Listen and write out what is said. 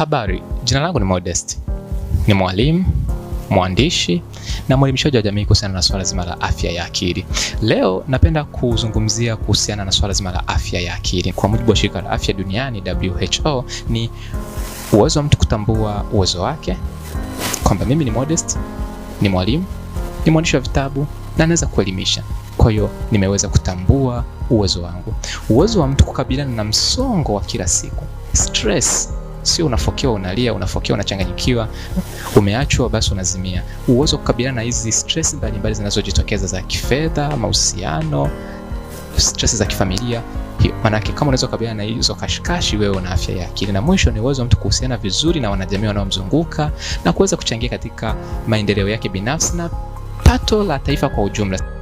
Habari, jina langu ni Modest, ni mwalimu mwandishi na mwelimishaji wa jamii kuhusiana na swala zima la afya ya akili. Leo napenda kuzungumzia kuhusiana na swala zima la afya ya akili. Kwa mujibu wa shirika la afya duniani WHO, ni uwezo wa mtu kutambua uwezo wake, kwamba mimi ni Modest, ni mwalimu, ni mwandishi wa vitabu na naweza kuelimisha. Kwa hiyo nimeweza kutambua uwezo wangu, uwezo wa mtu kukabiliana na msongo wa kila siku stress sio unafokewa unalia, unafokewa unachanganyikiwa, umeachwa basi unazimia. Uwezo wa kukabiliana na hizi stress mbalimbali zinazojitokeza za kifedha, mahusiano, stress za kifamilia Manake kama unaweza kukabiliana na hizo kashikashi, wewe una afya ya akili. Na mwisho ni uwezo wa mtu kuhusiana vizuri na wanajamii wanaomzunguka na kuweza kuchangia katika maendeleo yake binafsi na pato la taifa kwa ujumla.